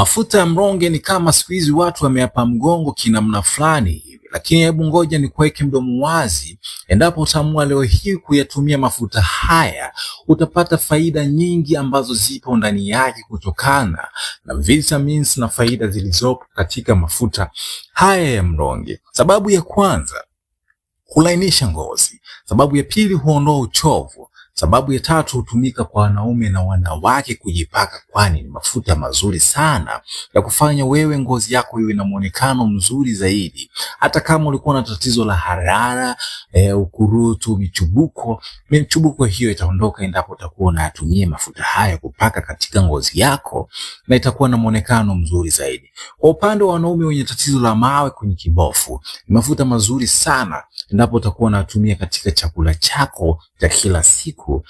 Mafuta ya mronge ni kama siku hizi watu wameapa mgongo kinamna fulani hivi, lakini hebu ngoja ni kuweke mdomo wazi. Endapo utaamua leo hii kuyatumia mafuta haya, utapata faida nyingi ambazo zipo ndani yake kutokana na vitamins na faida zilizopo katika mafuta haya ya mronge. Sababu ya kwanza, kulainisha ngozi. Sababu ya pili, huondoa uchovu. Sababu ya tatu hutumika kwa wanaume na wanawake kujipaka, kwani ni mafuta mazuri sana ya kufanya wewe ngozi yako iwe na mwonekano mzuri zaidi. Hata kama ulikuwa na tatizo la harara, e, ukurutu, michubuko, michubuko hiyo itaondoka endapo utakuwa unayatumia mafuta haya kupaka katika ngozi yako, na itakuwa na mwonekano mzuri zaidi. Kwa upande wa wanaume wenye tatizo la mawe kwenye kibofu, ni mafuta mazuri sana endapo utakuwa unatumia katika chakula chako cha kila siku wako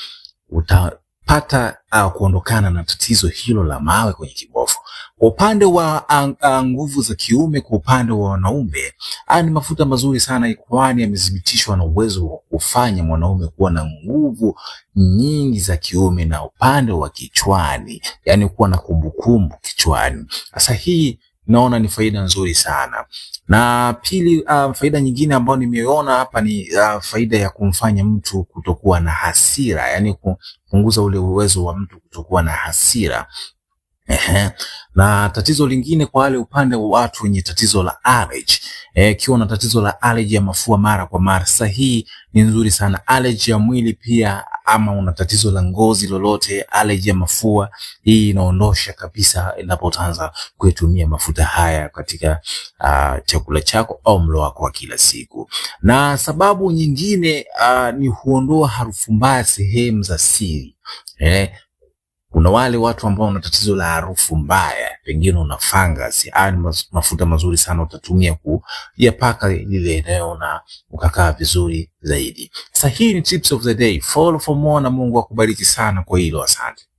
utapata uh, kuondokana na tatizo hilo la mawe kwenye kibofu. Kwa upande wa ah, nguvu za kiume, kwa upande wa wanaume, uh, ni mafuta mazuri sana, kwani yamethibitishwa na uwezo wa kufanya mwanaume kuwa na nguvu nyingi za kiume, na upande wa kichwani, yaani kuwa na kumbukumbu kichwani. Sasa hii naona ni faida nzuri sana. Na pili, uh, faida nyingine ambayo nimeona hapa ni uh, faida ya kumfanya mtu kutokuwa na hasira, yani kupunguza ule uwezo wa mtu kutokuwa na hasira Ehe. Na tatizo lingine kwa wale upande wa watu wenye tatizo la allergy. Eh, kiwa na tatizo la allergy ya mafua mara kwa mara, hii ni nzuri sana. Allergy ya mwili pia, ama una tatizo la ngozi lolote, allergy ya mafua hii inaondosha kabisa inapotanza kuitumia mafuta haya katika uh, chakula chako au mlo wako wa kila siku. Na sababu nyingine uh, ni huondoa harufu mbaya sehemu za siri. Eh, kuna wale watu ambao wana tatizo la harufu mbaya, pengine una fungus. Haya ni mafuta mazuri sana, utatumia kuyapaka lile eneo na ukakaa vizuri zaidi. Sasa hii ni tips of the day, follow for more, na Mungu akubariki sana kwa hilo. Asante.